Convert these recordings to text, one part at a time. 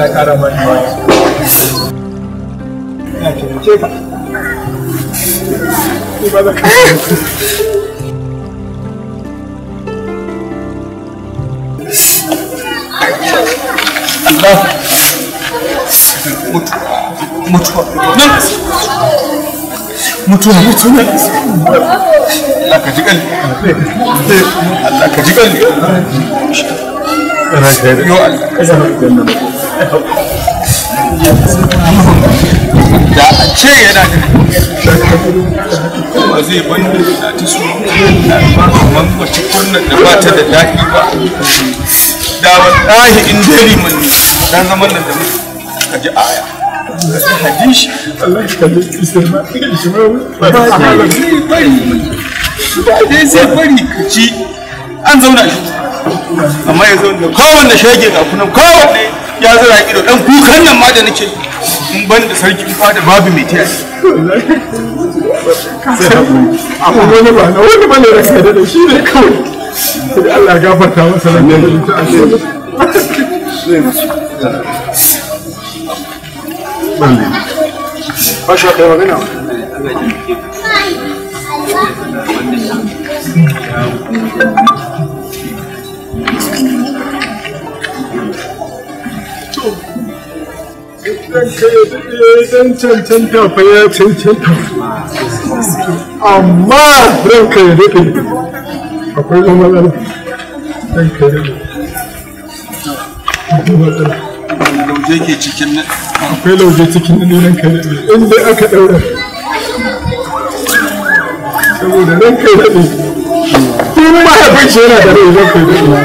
Allah ƙara mani ba ya taimake ka ba za ka Allah mutu mutuwa nan mutuwa mutu nan Allah ka ji kalli Allah ka ji kalli Allah da a ce yana da ba zai ban da ta su na ba man ba ci da ba ta da daɗi ba da wallahi in dai mun Na zama nan da muke ka ji aya hadisi Allah ya shi ba zai bari ba ka ci an zauna shi amma ya zauna kowanne shege ga kunan kowanne ya zara ido dan kukan nan ma da nake in ban da sarki fada babu mai wani ba na wani bane da da shi ne kawai sai Allah ya gafarta masa da ne ta magana. dan cancanta ya cancanta amma ranka ya daɗe akwai ɗan matsala ranka ya daɗe lauje ke cikin nan akwai lauje cikin nan ranka ya daɗe aka ɗaura saboda ranka ya daɗe mahaifin shi yana da rai ranka ya daɗe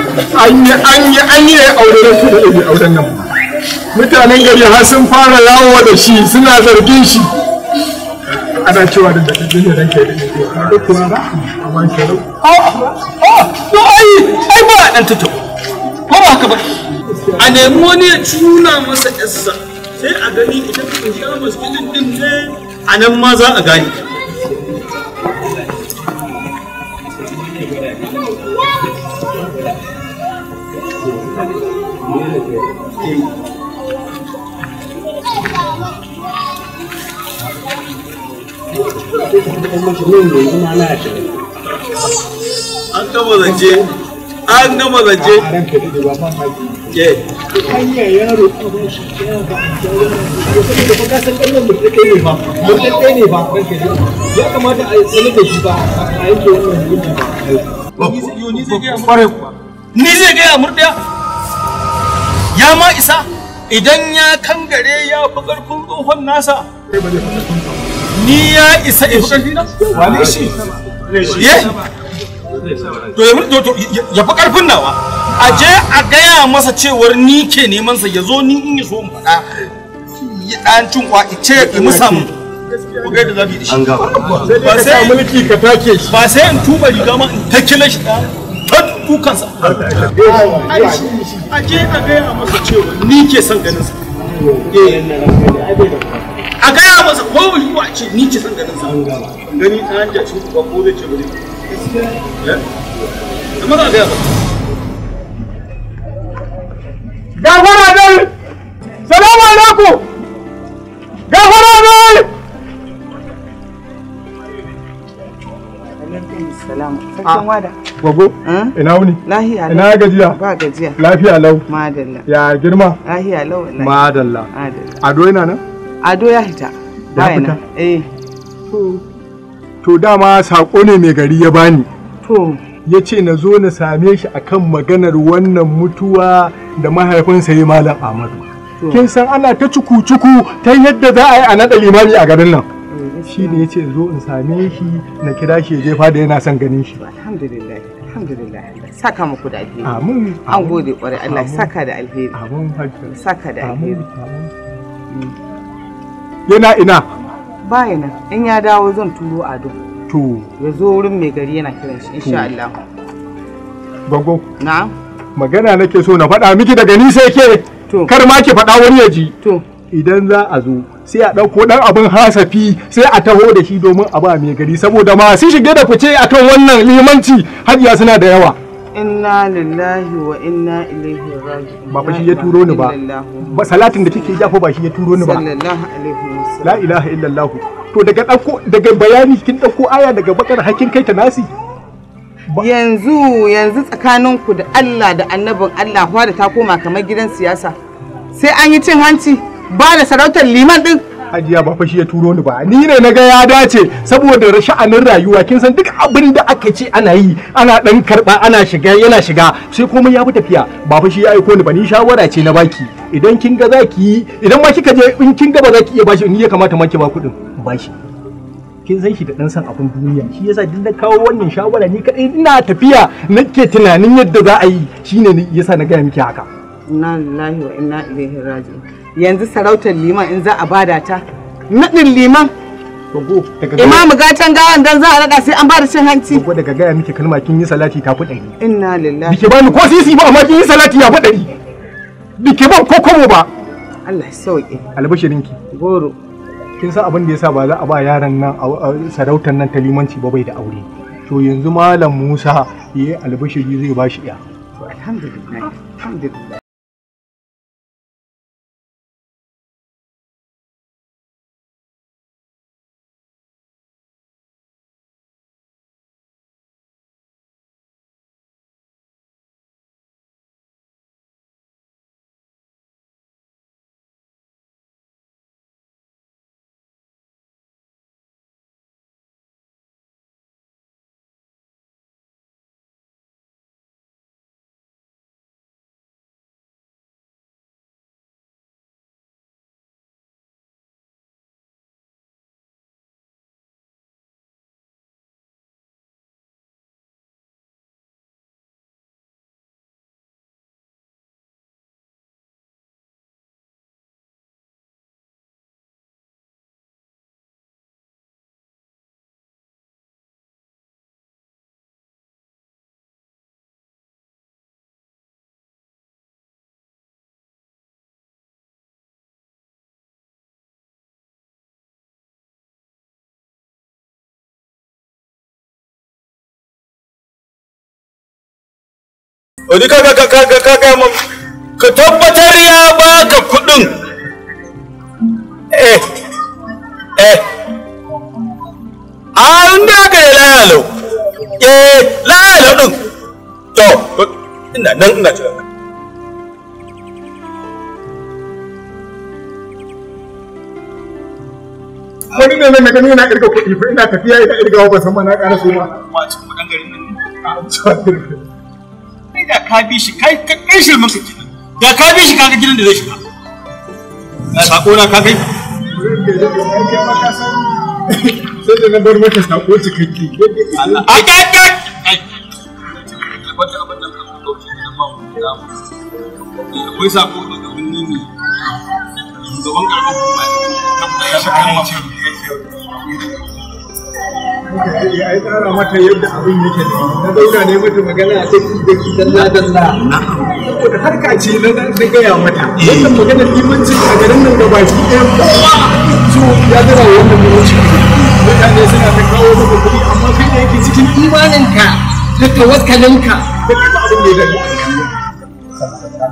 an yi an yi an yi aure ranka ya daɗe auren nan ba mutanen gari har sun fara yawo da shi suna zargin shi ana cewa da daɗin ne da ne da ba a wanke ai ai ba tutu ko ba ka ba a nemi wani ya tuna masa yassa sai a gani idan kun sha masjidin din ne a nan ma za a gani Thank you. sai ka tabbatar mashi nan an gama zance an gama zance a ranka da ba ma ke hanya yaro ba shi ba ya kuma da san mutum kai ne ba mutum kai ne ba ya kamata a yi da shi ba a wannan ba ni zai gaya murɗiya ya ma isa idan ya kangare ya fi ƙarfin tsohon nasa ni ya isa ifi ƙarfi wane shi ye to ya mutu to ya fi ƙarfin nawa a je a gaya masa cewar ni ke neman sa ya zo ni in so in faɗa ya ɗan cin kwa ice ya musa mu ku da yadda za mu yi ba sai mulki ka take shi ba sai in tuba riga ma in takile shi dukansa a je a gaya masa cewa ni ke son ganin sa eh, a gaya masa ko wuri ce ni ce san ganin sa gani ta hanja ce ko zai ce bari eh? amma za a gaya masa gafara dai salamu alaikum gafara dai ah, Sarkin wada. Gogo. Eh? Ina wuni? Lahiya lau. Ina gajiya? Ba gajiya. Lafiya lau. Madalla. Ya girma? Lahiya lau. Madalla. Ado yana nan? ado ya fita ya eh to dama sako ne mai gari ya bani to ya ce na zo na same shi akan maganar wannan mutuwa da mahaifinsa ya malam Ahmadu kin san ana ta cuku-cuku ta yadda za a yi a naɗa limami a garin nan eh, shi ne ya ce zo in same shi na kira shi jefa da yana son ganin shi alhamdulillah alhamdulillah saka muku da alheri amin an gode kwarai Allah saka da alheri amin saka da alheri mm. yana ina ba yana in ya dawo zan turo ado to ya zo wurin mai gari yana kiran shi insha Allah gogo na'am magana nake so na faɗa miki daga ni sai kar ma ki faɗa wani ya ji to idan za a zo sai a ɗauko ɗan abin hasafi sai a taho da shi domin a ba mai gari saboda ma masu shige da fice akan wannan limanci hajiya suna da yawa inna lillahi wa inna ilaihi raji'un ba shi ya turo ni ba ba salatin da kike yafa ba shi ya turo ni ba sallallahu alaihi wasallam la ilaha illallah to daga dauko daga bayani kin dauko aya daga bakar hakin kai ta nasi yanzu yanzu tsakaninku da Allah da annabin Allah da ta koma kamar gidan siyasa sai an yi cin hanci ba da sarautar liman din Ajiya ba fa shi ya turo ni ba ni ne na ga ya dace saboda sha'anin rayuwa kin san duk abin da aka ce ana yi ana dan karba ana shiga yana shiga sai komai ya fi tafiya ba fa shi ya aiko ni ba ni shawara ce na baki idan kin ga zaki yi idan ma kika je in kin ga ba zaki iya bashi ni ya kamata ma ki ba kudin bashi kin san shi da dan san abin duniya shi yasa duk da kawo wannan shawara ni kadai ina tafiya nake tunanin yadda za a yi shine yasa na gaya miki haka inna lillahi wa inna ilaihi raji'un yanzu sarautar liman in za a bada ta naɗin liman imamu gatan gawan dan za a naɗa sai an bada cin hanci ko daga gaya miki kalma kin yi salati ta fi ɗari inna lillahi bike bani ko sisi ba amma kin yi salati ya fi ɗari bike ba ko kobo ba Allah ya sauke albashirinki goro kin san abin da yasa ba za a ba yaran nan sarautar nan ta limanci ba bai da aure to yanzu malam Musa yayi albashiri zai ba shi ya alhamdulillah alhamdulillah ka ji kaga ka ka ka tabbatar ya baka kuɗin eh eh an da ka eh layalau ɗin to ina nan ina wani ne na gani yana kuɗi ina tafiya ba san ma na ƙara su ma. Ma da ka bi shi kai ka kai da ka bi shi kaga gidan da zai shiga sako na ka kai sai da na bar maka sako cikakke a akwai sako da gaban gaban ya shi ya yi tsara mata yadda abin yake na zauna ne mata magana a daki daki dalla dalla saboda harka ce na na gaya mata wannan maganar limancin a garin nan da baki ɗaya kowa so ya zama wannan limancin mutane suna ta kawo maka kuɗi amma kai da yake cikin imaninka da tawakkalinka da kuma abin da ya gani wani abin da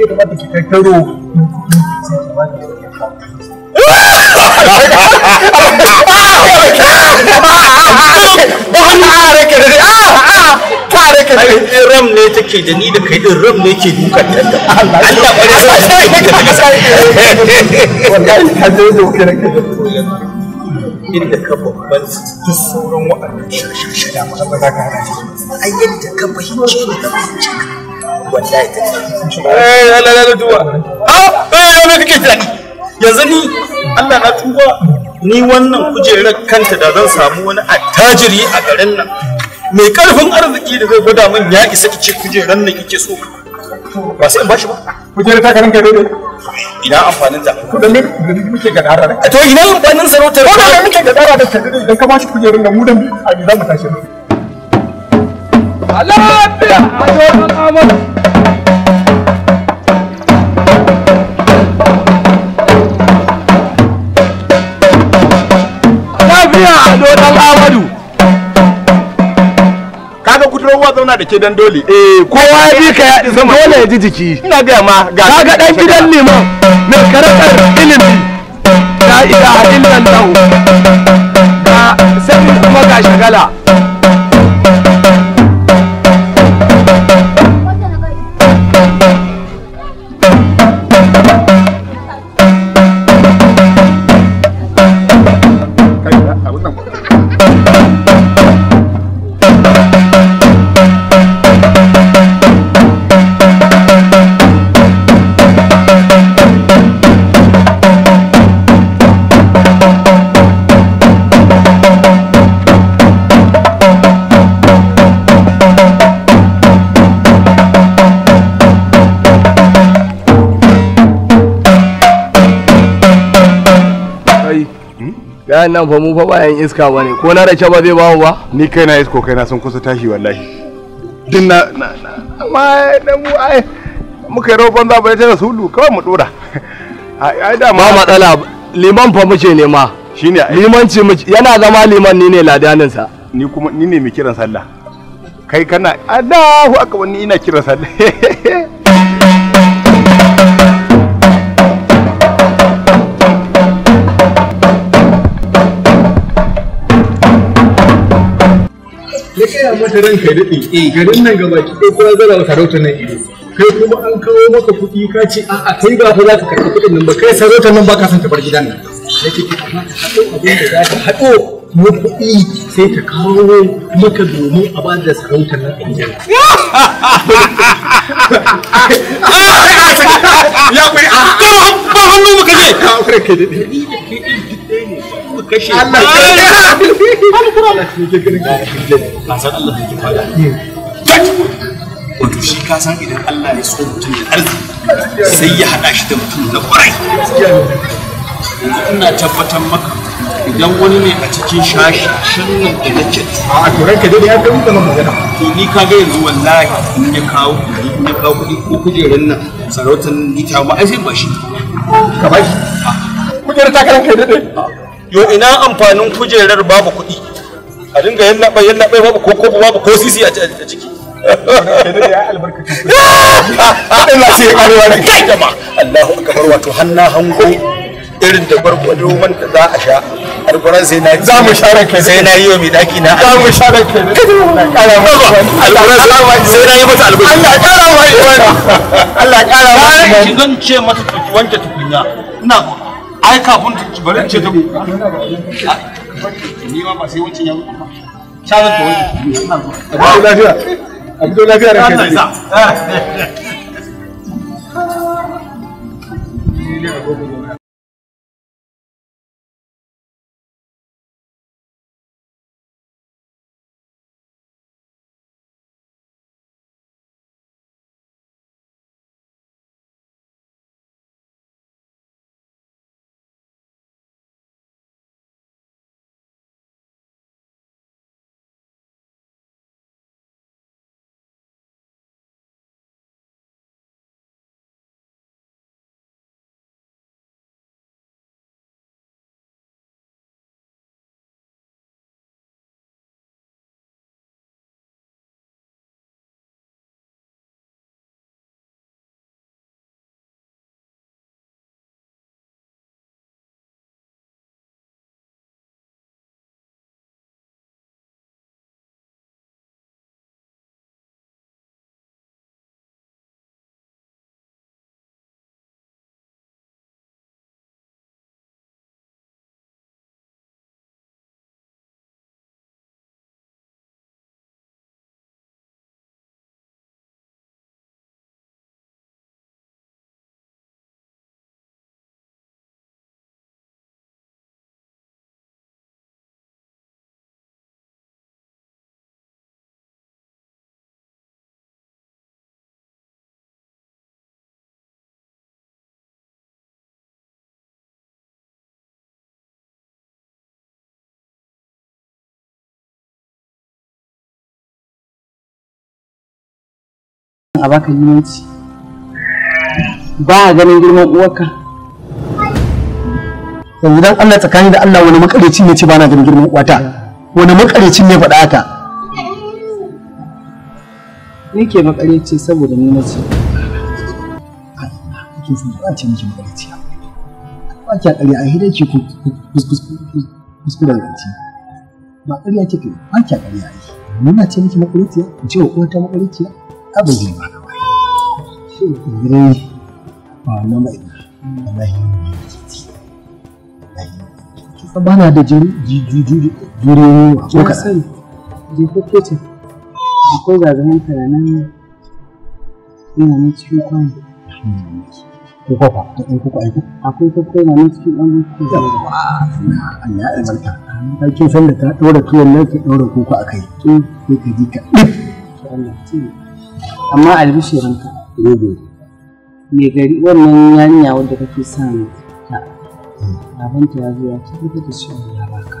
ya kamata ki karo ram ne take da ni da kai din ram ne ke dukan ta Allah ya sa sai ka ga sai wallahi ka zo da kira inda ka babban sauran wa'annan da ba za ka hana ai yadda ka fahimce ni ka fahimce wallahi ta eh Allah ya duwa ah eh yanzu ni Allah na tuba ni wannan kujerar kanta da zan samu wani attajiri a garin nan mai karfin arziki da zai gwada min ya isa ice kujerar nan yake so ba sai in bashi ba kujerar ta karin gado dai ina amfanin ta kudin ne muke dara ne to ina amfanin sarautar ko da muke dara da sarautar idan ka bashi kujerar nan mu dan a za mu tashi Allah ya Allah dan Amadu kaga kudurar uwa zauna da ke dan dole eh kowa ya bi ka ya zama dole ya ji jiki ina ga ma ga kaga dan gidan liman mai karatar ilimi la ilaha illallah ga sai kuma ga shagala yayan nan fa mu fa bayan iska bane ko na race ba zai bawa ba ni kai na isko kai na sun kusa tashi wallahi din na amma da mu ai muka yi roƙon za bai tana sulu kawai mu dora ai da ma matsala liman fa muke nema shine Limanci ce yana zama liman ni ne ladanin sa ni kuma ni ne mai kiran sallah kai kana Allahu akbar ni ina kiran sallah ya gaya mata ran ya daɗe garin nan gaba ki zara sarautar nan ido kai kuma an kawo maka kuɗi ka ce a'a kai ba fa za ka karɓi kuɗin nan ba kai sarautar nan ba ka son ta bar gidan nan ya ki ka haɗo abin da za ka haɗo na kuɗi sai ta kawo maka domin a ba da sarautar nan a gidan ya ba hannu muka je kashe Allah ka san Allah yake fada wato shi ka san idan Allah ya so mutum ya arziki sai ya hada shi da mutum na kwarai ina tabbatar maka idan wani ne a cikin shashi shannan da nake a to ranka dai ya kai kuma magana to ni ka ga yanzu wallahi in ya kawo in ya kawo kuɗi ko kujerar nan sarautar ni ta ma ai sai ba shi ka ba shi kujerar ta karan kai dai yo ina amfanin kujerar babu kuɗi a dinga yan yallaɓa babu koko ko babu ko sisi a ciki Allah sai ya karewa ah! da kai jama Allahu akbar wato hanna hango irin da barkwado wanda za a sha alkuran sai na za mu share kai sai na yi wa mai daki na za mu share kai alkuran sai na yi mata alkuran Allah kara mai Allah kara mai zan ce mata wanke tukunya ina ai kafin bari in ce ni ma ba sai wancan ya ba lafiya lafiya da sa a baka limanci ba a ganin girman uwarka yanzu dan Allah tsakani da Allah wani makarecin ne ce ba na ganin girman uwata wani makarecin ne faɗa haka nake makareci saboda ni mace kin san ba ce miki makareci ba ki kare a hidai ki ku kuskuren ranci ba ƙarya kariya kike ba ki kare a yi ni na ce miki makareci ce wa uwata makareci abin ba ne ba ba ba ba na da ko ce akwai gagarin yana nan cikin kwano ko kwakwa ta ɗan kuka aiko akwai kwakwa yana nan cikin ɗan kuku da yawa Allah ya albarka ta kin san da ta ɗora tuwon nan ki ɗora a kai mm. ka Allah ce amma albishirinka mai gari wannan yarinya wadda kake son ta abin ya zo ya ci duka da shi ya baka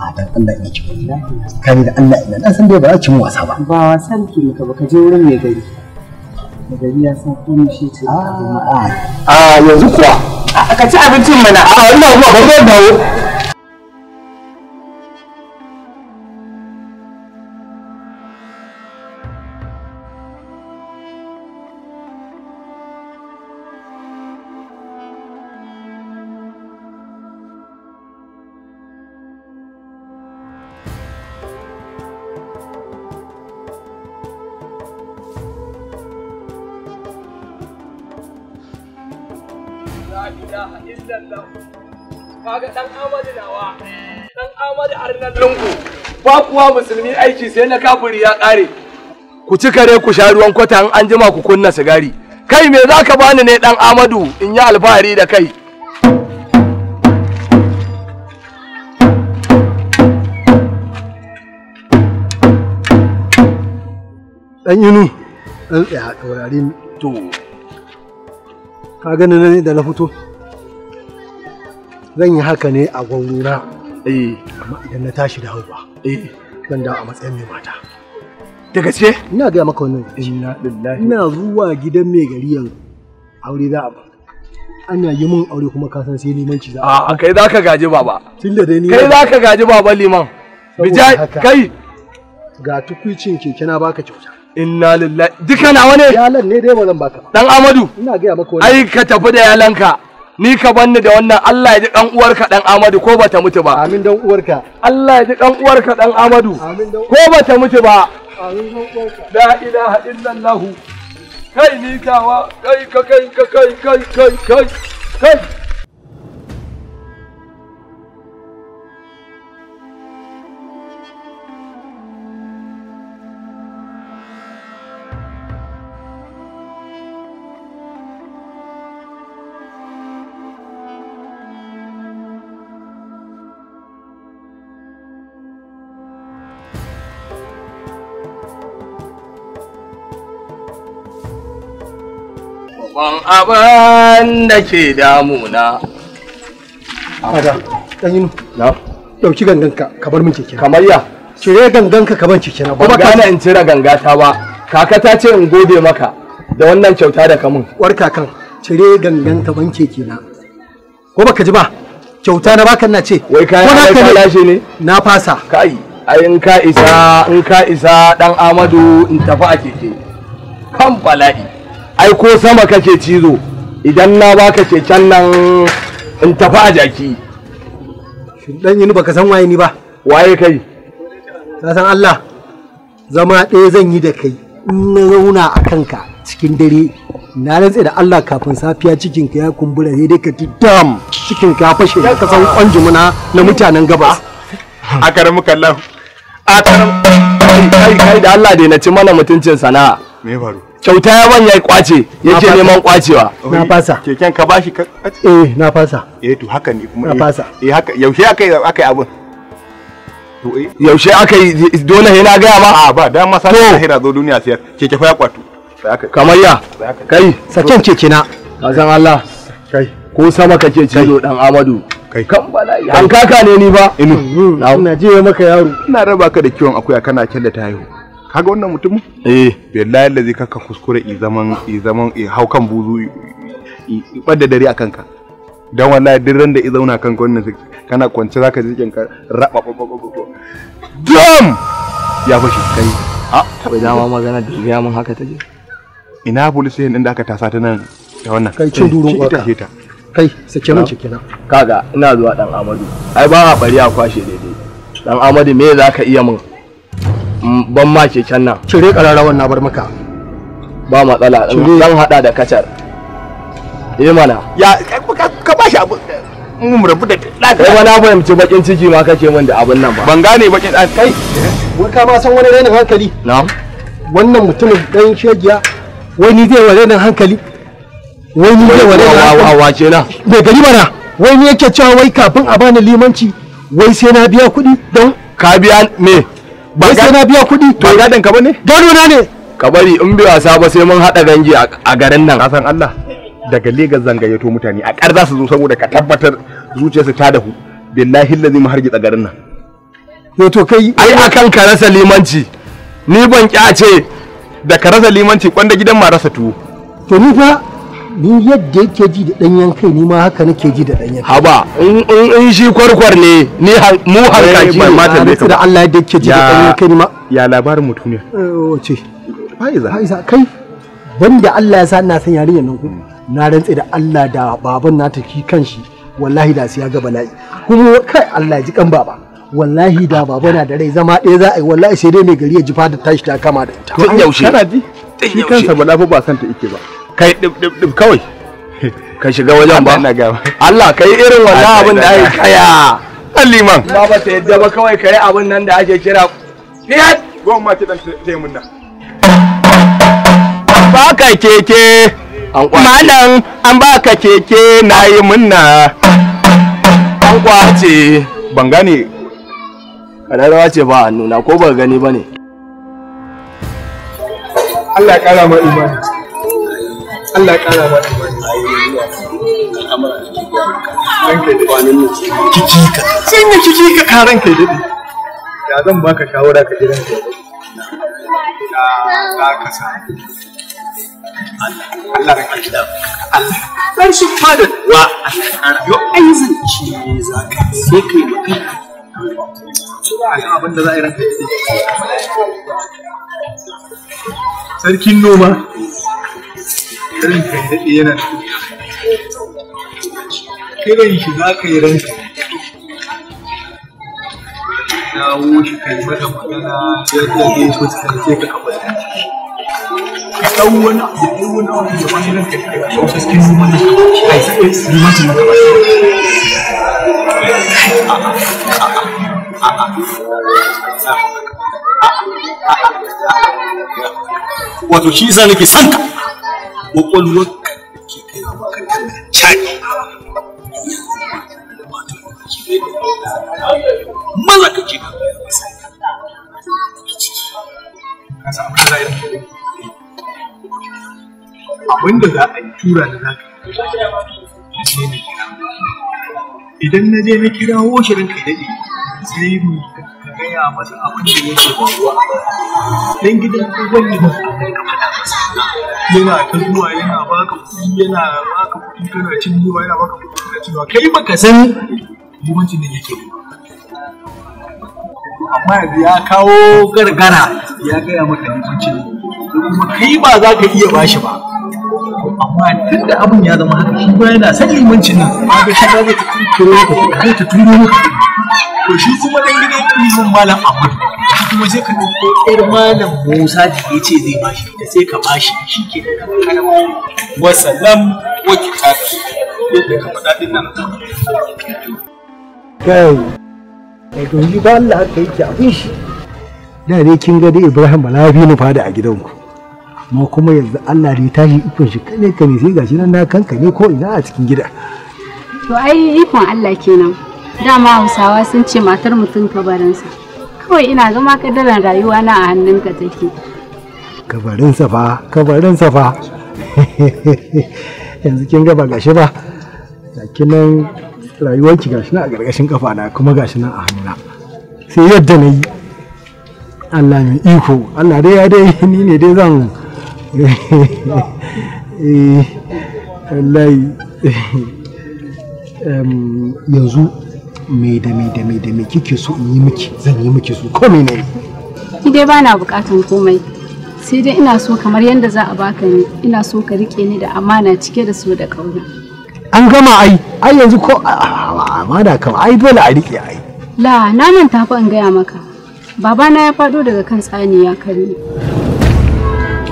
a dan Allah ina ci kan da Allah ina dan san dai ba za ki mu wasa ba ba wasa ki muka ba ka je wurin mai gari mai gari ya san ko mu shi ce a ah. ah, yanzu kuwa ka ci abincin mana ah, a wannan kuma ba zan dawo ba kuwa musulmi aiki sai na kafiri ya ƙare ku ci kare ku sha ruwan kwata in an jima ku kunna sigari kai me za ka bani ne dan amadu in yi alfahari da kai dan yinu dan ya taurari to ka gani ne da na fito zan yi haka ne a gwauruna eh amma idan na tashi dawowa eh zan dawo a matsayin mai mata da gaske ina gaya maka wannan inna lillahi ina zuwa gidan mai gari yanzu aure za a ba, ana yi min aure kuma ka san sai limanci za a a kai za ka gaji baba tunda dai ni kai zaka gaji baba liman bijai kai ga tukuicin keke na baka kyauta inna lillahi duka nawa ne yalan ne dai ba zan baka dan amadu ina gaya maka wannan ai ka tafi da yalanka ni ka banni da wannan Allah ya ji dan uwarka dan Amadu ko bata mutu ba amin dan uwarka Allah ya ji dan uwarka dan Amadu ko bata mutu ba amin dan uwarka la ilaha illallah kai ni kawa kai kai kai kai kai kai kai Babban abin da ke damuna. Amada, ɗan yinu. Na? Ɗauki ganganka ka bar min keke. Kamar ya? Cire ganganka ka bar keke na. Kuma kana in cire gangata ba. Kaka ta ce in gode maka da wannan kyauta da kamun. Warka kan, cire gangan ka ban keke na. Ko baka ji ba? Kyauta na baka na ce. Wai kayan ka lashe ne? Na fasa. Kai, ai in ka isa, in ka isa dan Amadu in tafi a keke. Kan bala'i. ai ko sama kake cizo idan na baka keken nan in tafi a jaki shin dan yini baka san waye ni ba waye kai ka san Allah zama ɗaya zan yi da kai in na zauna a kanka cikin dare na rantse da Allah kafin safiya cikinka ya kumbura sai dai ka ti cikin cikinka ya fashe ka san kwanjumuna na mutanen gabas a karamu kallon a karamu kai kai da Allah dai na ci mana mutuncin sana'a me faru kyauta ya ban ya kwace yake neman kwacewa na fasa keken ka bashi ka eh na fasa eh to haka ne kuma na eh. fasa eh haka yaushe aka yi aka yi abun eh. yaushe aka yi dole sai na gaya ma a ba dan masa ta hira zo duniya sai keke fa ya kwatu kamar ya kai sakin keke na kazan Allah kai ko sama kake zo dan Amadu kai kan bala'i an kaka ne ni ba ina je maka yaro ina raba ka da kiwon akuya kana kyalle tayo. kaga wannan mutum eh billahi allazi kakan kuskure i zaman i zaman i hau kan buzu i bada dare a kanka dan wallahi duk ran da i zauna kanka wannan kana kwance zaka ji kinka raba dam ya fashi kai a da dama magana da ya mun haka taje ina police din da aka tasa ta nan da wannan kai cin durun kwata kai sake mun ciki na kaga ina zuwa dan Amadu ai ba a bari a kwashe daidai dan Amadu me zaka iya mun ban ma keken nan cire kararrawan na bar maka ba matsala zan hada da kacar eh mana ya ka ba shi abu mu rabu da laka kai na fahimci bakin ciki ma kake min da abin nan ba ban gane bakin kai wai ka ma san wani rainin hankali na'am wannan mutumin dan shegiya wai ni zai wa rainin hankali wani zai wa rainin hankali wa na bai gari mana wani yake cewa wai kafin a bani limanci wai sai na biya kuɗi don ka biya me ba sai na biya kuɗi ba gadon ka bane gado na ne ka bari in bai wasa ba sai mun haɗa dangi a garin nan kasan Allah daga Legas zan gayyato mutane a kar za su zo saboda ka tabbatar zuciyarsu ta dahu billahi lazi mu hargitsa garin nan to kai ai akan ka rasa limanci ni ban kyace da ka rasa limanci kwanda gidan ma rasa tuwo to ni fa ni yadda yake ji da ɗanyen kai ni ma haka nake ji da ɗanyen kai haba in shi kwarkwar ne ni mu harka eh, ji ba mata ne da Allah yadda yake ji da ɗanyen kai ni ma ya labarin mutumiyar eh, wace Faiza Faiza kai banda Allah ya sa ina san yarinyar nan ku na rantse da Allah da baban na taki kanshi wallahi da su ya ga bala'i kuma kai Allah ya ji kan baba wallahi da baba na da rai zama ɗaya za a yi wallahi sai dai mai gari ya ji da tashi ta kama da ita tun yaushe kana ji shi kansa bala ba san ta ike ba kai dib kawai ka shiga wajen ba Allah kai irin wannan abin da ake kaya liman ba ba ta yadda ba kawai kai abin nan da ake kira fiyat ma ta dan sai mun munna. ba ka keke malam an ba ka keke na yi munna an kwace ban gane kararrawa ce ba a nuna ko ba gani ba ne Allah ya kara ma imani Allah kara mata wani ayoyi da al'amura da kai ya zan baka shawara ka jira ka ka ka sa Allah Allah shi yo ai zan ci za ka sai kai abin da za a yi ranka sarkin noma ran ya daɗe yana kiran shi za ka yi ranka dawo shi kai mata magana yadda ta fuskance ka a Ka ɗan wani abu ɗan wani abu da wani ranka ya kai a wasu cikin su mana a yi sai su mata maka ba wato shi isa nake son ka da ke kai wa kan caɗi maza ka ce ka masa za a yi tura da za ka yi idan na je na kirawo shirin kai daɗe sai mu gaya masa abin da yake faruwa dan gidan gwamnati yana kan ruwa, yana baka kuɗi yana baka kuɗi kana cin yiwa yana baka kuɗi kana cin yiwa kai baka san muhimmancin da yake amma yanzu ya kawo gargara ya gaya maka muhimmancin kuma kai ba za ka iya bashi ba amma duk da abin ya zama haka shi ba yana san muhimmancin nan ba ga shi ba zai ta turo ka kuɗi ta turo maka to shi kuma dan gidan ilimin malam Ahmadu kuma sai ka ɗauko ɗan malam Musa da ya ce zai bashi da sai ka bashi shi ke da kana wasalam wake ta yadda ka faɗa ɗin nan kai kai yi ba Allah haka yake abin shi da ne kin ga dai Ibrahim Balabi na fada a gidanku ma kuma yanzu Allah ne tashi ikon shi kane kane sai gashi nan na kanka ne ko ina a cikin gida to ai ikon Allah kenan dama Hausawa sun ce matar mutum kabarinsa kawai ina zama kadaran rayuwa na a hannunka take kabarin safa kabarin safa yanzu kin gaba gashi ba gashi nan rayuwarki gashi na a gargashin kafa na kuma gashi nan a hannuna sai yadda na yi Allah mai iko Allah dai ya dai ni ne dai zan eh, wallahi yanzu Mai da mai da mai da mai kike so in yi miki zan yi miki su ko menene ni dai bana bukatun komai sai dai ina so kamar yadda za a baka ni ina so ka rike ni da amana cike da so da kauna an gama ai ai yanzu ko amana kam ai dole a rike ai la na manta fa in gaya maka babana ya fado daga kan tsani ya kare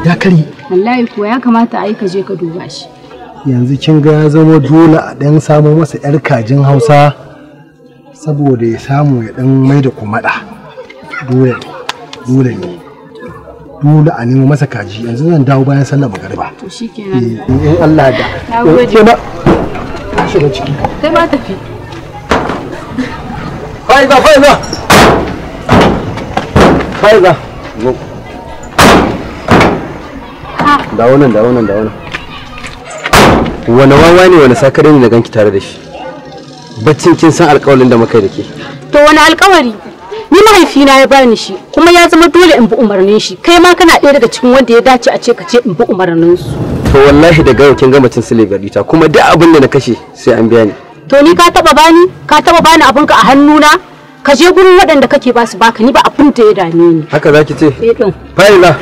ya kare wallahi kuwa ya kamata ai ka je ka duba shi yanzu kin ga ya zama dole a dan samo masa yar kajin Hausa saboda ya samu ya dan mai da kumada dole ne dole ne dole a nemo masa kaji yanzu zan dawo bayan sallar magariba to shikenan eh, in Allah da ba eh, shiga ciki kai ma tafi faiza faiza faiza zo da wannan da wannan da wannan wani wawa ne wani sakare ne na ganki tare da shi baccin kin san alƙawarin da muka da ke to wani alƙawari ni mahaifina ya bani shi kuma ya zama dole in bi umarnin shi kai ma kana ɗaya daga cikin wanda ya dace a ce ka ce in bi umarnin su to wallahi daga yau kin ga mutun sule ta kuma duk abin da na kashe sai an biya ni to ni ka taba bani ka taba bani abinka a hannuna ka je gurin waɗanda kake basu baka ni ba abin da ya dame ni haka zaki ce eh din fa'ila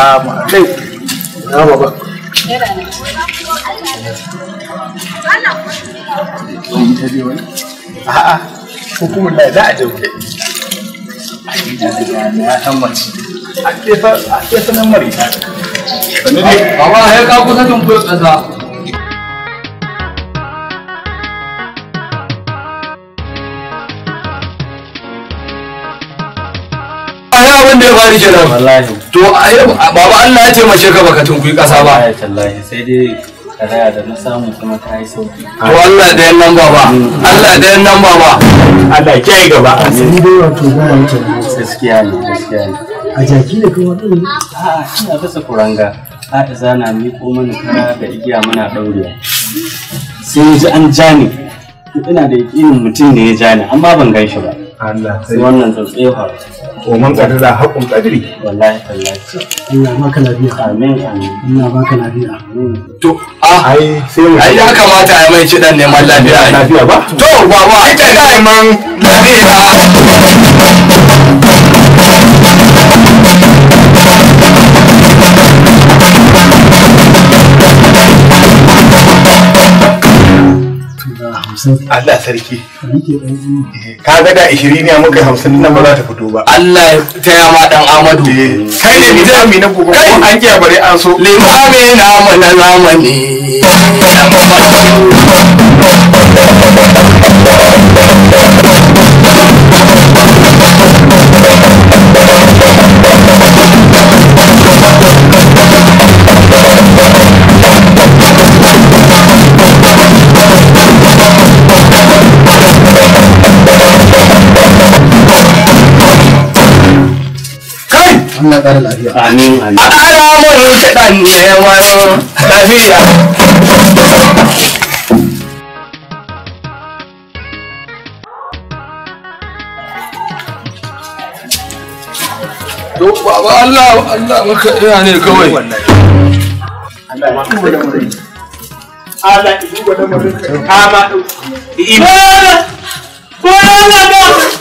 Assalamu alaikum. Na baba. A'a, hukumar da za a je A da ya A ke sanar mari. Sannan ne, ya kawo kusa wanda ya fari kenan to baba Allah ya taimake ka baka tunkuyi kasa ba wallahi sai dai karaya da na samu kuma ta yi sauki to Allah da yan nan baba mm. Allah da yan nan baba Allah ya kiyaye gaba ni dai wato goma mace gaskiya ne gaskiya ne a jaki da kuma dole a ina fasa kuranga a ta zana mi ko mana kara da igiya muna daure sai ji an ja ni ina da yakinin mutum ne ya ja ni amma ban gaishe ba Allah sai wannan tsotsewa wa man qadara haqqun qadri wallahi wallahi ina baka lafiya amin amin ina baka lafiya mm. to a ah, ai sai mu ai ya kamata ai mai cidan neman lafiya lafiya ba to baba ai kai man lafiya hamsin. Allah sarki. Eh, ka ga da ishirin ya muka hamsin nan ba za ta fito ba. Allah ya taya ma dan Amadu. Eh, kai ne limami na gobe ko an kiya bare an so. Limami na mu na zamani. Allah ƙara lafiya amin a ƙara mun kiɗan neman lafiya Baba Allah Allah maka ne kawai. Allah ma Allah ɗauki.